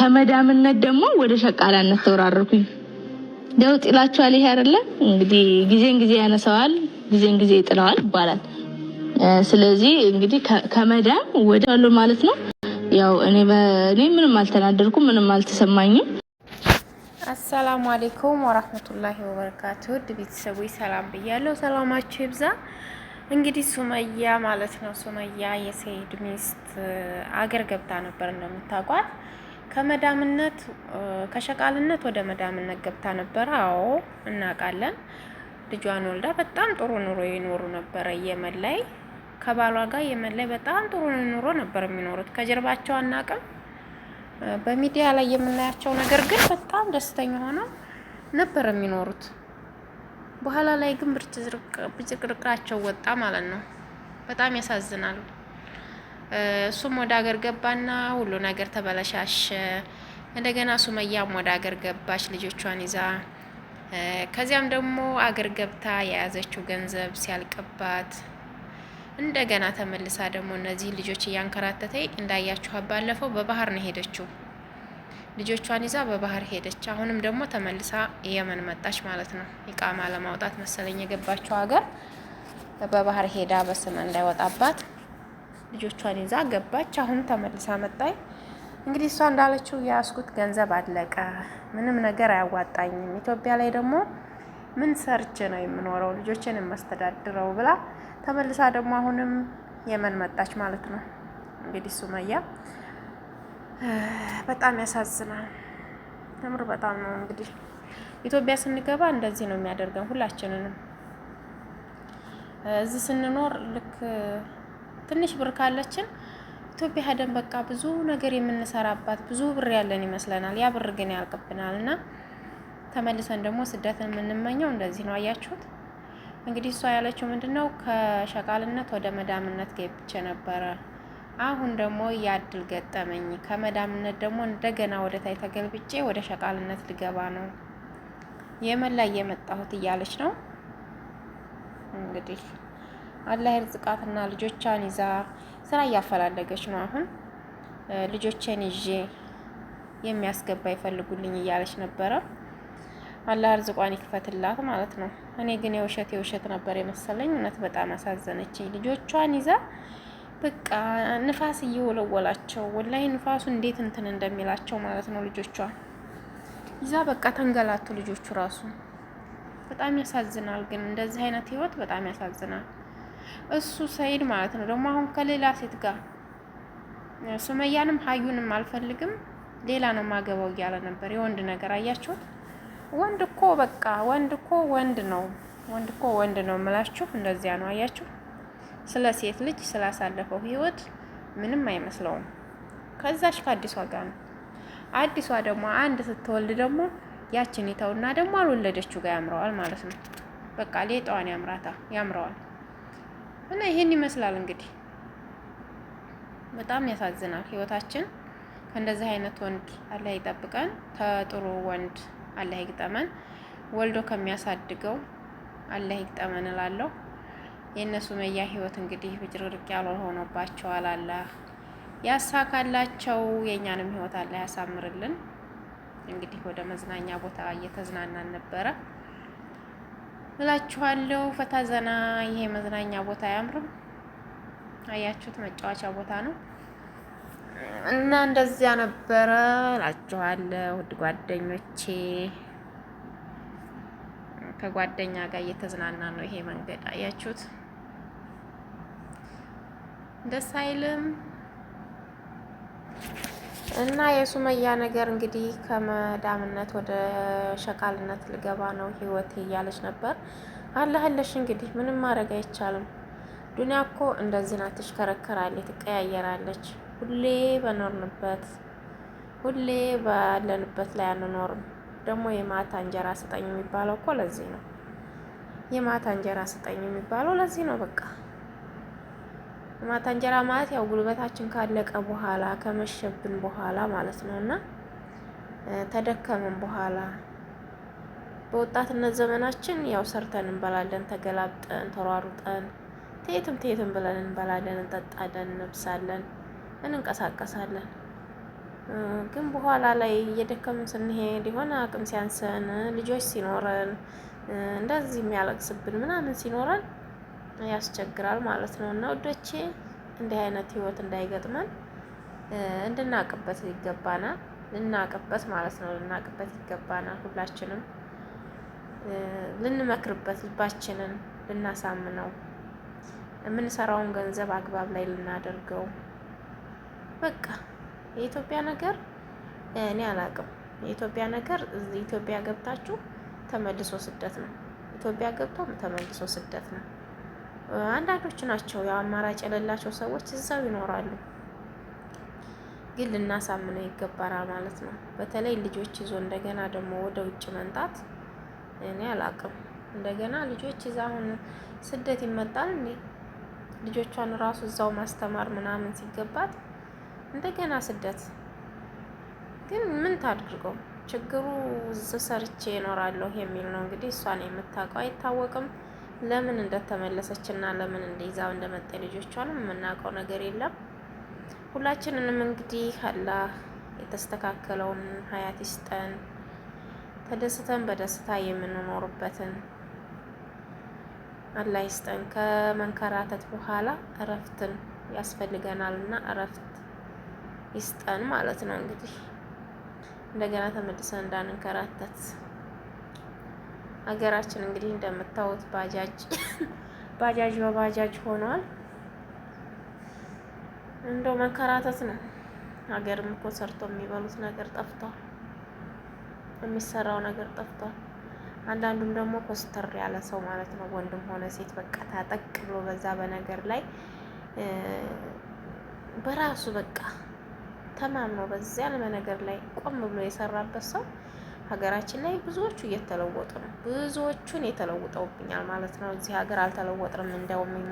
ከመዳምነት ደግሞ ወደ ሸቃላነት ተወራረኩኝ። ደውጥ ይላችኋል። ይሄ አይደለ እንግዲህ ጊዜን ጊዜ ያነሰዋል፣ ጊዜን ጊዜ ይጥለዋል ይባላል። ስለዚህ እንግዲህ ከመዳም ወደ አሉ ማለት ነው። ያው እኔ እኔ ምንም አልተናደርኩም፣ ምንም አልተሰማኝም። አሰላሙ አሌይኩም ወራህመቱላሂ ወበረካቱ። ውድ ቤተሰቦች ሰላም ብያለሁ። ሰላማችሁ ይብዛ። እንግዲህ ሱመያ ማለት ነው ሱመያ የሰይድ ሚስት አገር ገብታ ነበር እንደምታውቋት ከመዳምነት ከሸቃልነት ወደ መዳምነት ገብታ ነበረ። አዎ እናውቃለን። ልጇን ወልዳ በጣም ጥሩ ኑሮ ይኖሩ ነበረ። የመን ላይ ከባሏ ጋር የመን ላይ በጣም ጥሩ ኑሮ ነበር የሚኖሩት። ከጀርባቸው አናውቅም። በሚዲያ ላይ የምናያቸው ነገር ግን በጣም ደስተኛ ሆነው ነበር የሚኖሩት። በኋላ ላይ ግን ብርጭቅርቃቸው ወጣ ማለት ነው። በጣም ያሳዝናል። እሱም ወደ ሀገር ገባና ሁሉ ነገር ተበላሻሸ። እንደገና ሱመያም ወደ ሀገር ገባች ልጆቿን ይዛ። ከዚያም ደግሞ አገር ገብታ የያዘችው ገንዘብ ሲያልቅባት እንደገና ተመልሳ ደግሞ እነዚህ ልጆች እያንከራተተ እንዳያችኋ ባለፈው በባህር ነው ሄደችው። ልጆቿን ይዛ በባህር ሄደች። አሁንም ደግሞ ተመልሳ የመን መጣች ማለት ነው። ይቃማ ለማውጣት መሰለኝ የገባችው ሀገር በባህር ሄዳ በስም እንዳይወጣባት ልጆቿን ይዛ ገባች። አሁን ተመልሳ መጣኝ። እንግዲህ እሷ እንዳለችው የያዝኩት ገንዘብ አለቀ፣ ምንም ነገር አያዋጣኝም። ኢትዮጵያ ላይ ደግሞ ምን ሰርቼ ነው የምኖረው ልጆችን የማስተዳድረው ብላ ተመልሳ ደግሞ አሁንም የመን መጣች ማለት ነው። እንግዲህ ሱመያ በጣም ያሳዝናል። ተምር በጣም ነው እንግዲህ ኢትዮጵያ ስንገባ እንደዚህ ነው የሚያደርገን ሁላችንንም እዚህ ስንኖር ልክ ትንሽ ብር ካለችን ኢትዮጵያ ሄደን በቃ ብዙ ነገር የምንሰራባት ብዙ ብር ያለን ይመስለናል። ያ ብር ግን ያልቅብናል እና ተመልሰን ደግሞ ስደትን የምንመኘው እንደዚህ ነው። አያችሁት እንግዲህ እሷ ያለችው ምንድን ነው? ከሸቃልነት ወደ መዳምነት ገብቼ ነበረ። አሁን ደግሞ ያድል ገጠመኝ። ከመዳምነት ደግሞ እንደገና ወደ ታይ ተገልብጬ ወደ ሸቃልነት ልገባ ነው የመላ የመጣሁት እያለች ነው እንግዲህ አላህ ይርዝቃትና ልጆቿን ይዛ ስራ እያፈላለገች ነው። አሁን ልጆቼን ይዤ የሚያስገባ ይፈልጉልኝ እያለች ነበረ። አላህ እርዝቋን ይክፈትላት ማለት ነው። እኔ ግን የውሸት የውሸት ነበር የመሰለኝ። እውነት በጣም አሳዘነች። ልጆቿን ይዛ በቃ ንፋስ እየወለወላቸው ወላይ ንፋሱ እንዴት እንትን እንደሚላቸው ማለት ነው። ልጆቿን ይዛ በቃ ተንገላቱ ልጆቹ ራሱ በጣም ያሳዝናል። ግን እንደዚህ አይነት ህይወት በጣም ያሳዝናል። እሱ ሰይድ ማለት ነው። ደግሞ አሁን ከሌላ ሴት ጋር ሱመያንም ሀዩንም አልፈልግም ሌላ ነው ማገባው እያለ ነበር። የወንድ ነገር አያችሁት። ወንድ እኮ በቃ ወንድ እኮ ወንድ ነው። ወንድ እኮ ወንድ ነው የምላችሁ እንደዚያ ነው። አያችሁ ስለ ሴት ልጅ ስላሳለፈው ህይወት ምንም አይመስለውም። ከዛች ከአዲሷ ጋር ነው። አዲሷ ደግሞ አንድ ስትወልድ ደግሞ ያችን ይተውና ደግሞ አልወለደችው ጋር ያምረዋል ማለት ነው። በቃ ሌጣዋን ያምራታ ያምረዋል። እና ይሄን ይመስላል እንግዲህ በጣም ያሳዝናል ህይወታችን። ከእንደዚህ አይነት ወንድ አላህ ይጠብቀን። ተጥሩ ወንድ አላህ ይግጠመን። ወልዶ ከሚያሳድገው አላህ ይግጠመን እላለሁ። የእነሱ መያ ህይወት እንግዲህ ብጭርቅርቅ ያለ ሆኖባቸዋል። አላህ ያሳካላቸው። የእኛንም ህይወት አላህ ያሳምርልን። እንግዲህ ወደ መዝናኛ ቦታ እየተዝናናን ነበረ። እላችኋለሁ። ፈታ ዘና። ይሄ መዝናኛ ቦታ አያምርም? አያችሁት? መጫወቻ ቦታ ነው እና እንደዚያ ነበረ እላችኋለሁ። ውድ ጓደኞቼ ከጓደኛ ጋር እየተዝናና ነው። ይሄ መንገድ አያችሁት? ደስ አይልም? እና የሱመያ ነገር እንግዲህ ከመዳምነት ወደ ሸቃልነት ልገባ ነው ህይወቴ እያለች ነበር። አለህለሽ እንግዲህ ምንም ማድረግ አይቻልም። ዱኒያ እኮ እንደዚህ ናት፣ ትሽከረከራለች፣ ትቀያየራለች። ሁሌ በኖርንበት ሁሌ ባለንበት ላይ አንኖርም። ደግሞ የማታ እንጀራ ስጠኝ የሚባለው እኮ ለዚህ ነው። የማታ እንጀራ ስጠኝ የሚባለው ለዚህ ነው በቃ ማታ እንጀራ ማለት ያው ጉልበታችን ካለቀ በኋላ ከመሸብን በኋላ ማለት ነው እና ተደከምን በኋላ በወጣትነት ዘመናችን ያው ሰርተን እንበላለን፣ ተገላብጠን ተሯሩጠን ትየትም ትየትም ብለን እንበላለን፣ እንጠጣለን፣ እንብሳለን እንንቀሳቀሳለን። ግን በኋላ ላይ እየደከምን ስንሄድ የሆነ አቅም ሲያንሰን ልጆች ሲኖረን እንደዚህ የሚያለቅስብን ምናምን ሲኖረን ያስቸግራል ማለት ነው። እና ውዶቼ እንዲህ አይነት ህይወት እንዳይገጥመን እንድናቅበት ይገባናል። ልናቅበት ማለት ነው። ልናቅበት ይገባናል። ሁላችንም ልንመክርበት፣ ልባችንን ልናሳምነው፣ የምንሰራውን ገንዘብ አግባብ ላይ ልናደርገው። በቃ የኢትዮጵያ ነገር እኔ አላቅም። የኢትዮጵያ ነገር ኢትዮጵያ ገብታችሁ ተመልሶ ስደት ነው። ኢትዮጵያ ገብቶ ተመልሶ ስደት ነው። አንዳንዶች ናቸው ያው አማራጭ የሌላቸው ሰዎች እዛው ይኖራሉ። ግን ልናሳምነው ይገባራ ማለት ነው። በተለይ ልጆች ይዞ እንደገና ደግሞ ወደ ውጭ መንጣት እኔ አላቅም። እንደገና ልጆች ይዛ አሁን ስደት ይመጣል እንዴ? ልጆቿን ራሱ እዛው ማስተማር ምናምን ሲገባት እንደገና ስደት ግን ምን ታድርገው? ችግሩ እዚህ ሰርቼ እኖራለሁ የሚል ነው እንግዲህ። እሷን የምታውቀው አይታወቅም። ለምን እንደተመለሰች እና ለምን እንደይዛው እንደመጣ ልጆቿን የምናውቀው ነገር የለም። ሁላችንንም እንግዲህ አላህ የተስተካከለውን ሀያት ይስጠን። ተደስተን በደስታ የምንኖርበትን አላህ ይስጠን። ከመንከራተት በኋላ እረፍትን ያስፈልገናል እና እረፍት ይስጠን ማለት ነው እንግዲህ እንደገና ተመልሰን እንዳንንከራተት ሀገራችን እንግዲህ እንደምታዩት ባጃጅ ባጃጅ በባጃጅ ሆኗል። እንደው መከራተት ነው። ሀገርም እኮ ሰርቶ የሚበሉት ነገር ጠፍቷል፣ የሚሰራው ነገር ጠፍቷል። አንዳንዱም ደግሞ ኮስተር ያለ ሰው ማለት ነው ወንድም ሆነ ሴት በቃ ታጠቅ ብሎ በዛ በነገር ላይ በራሱ በቃ ተማምኖ በዚያ በነገር ላይ ቆም ብሎ የሰራበት ሰው ሀገራችን ላይ ብዙዎቹ እየተለወጡ ነው። ብዙዎቹን የተለውጠውብኛል ማለት ነው። እዚህ ሀገር አልተለወጥንም እንደውም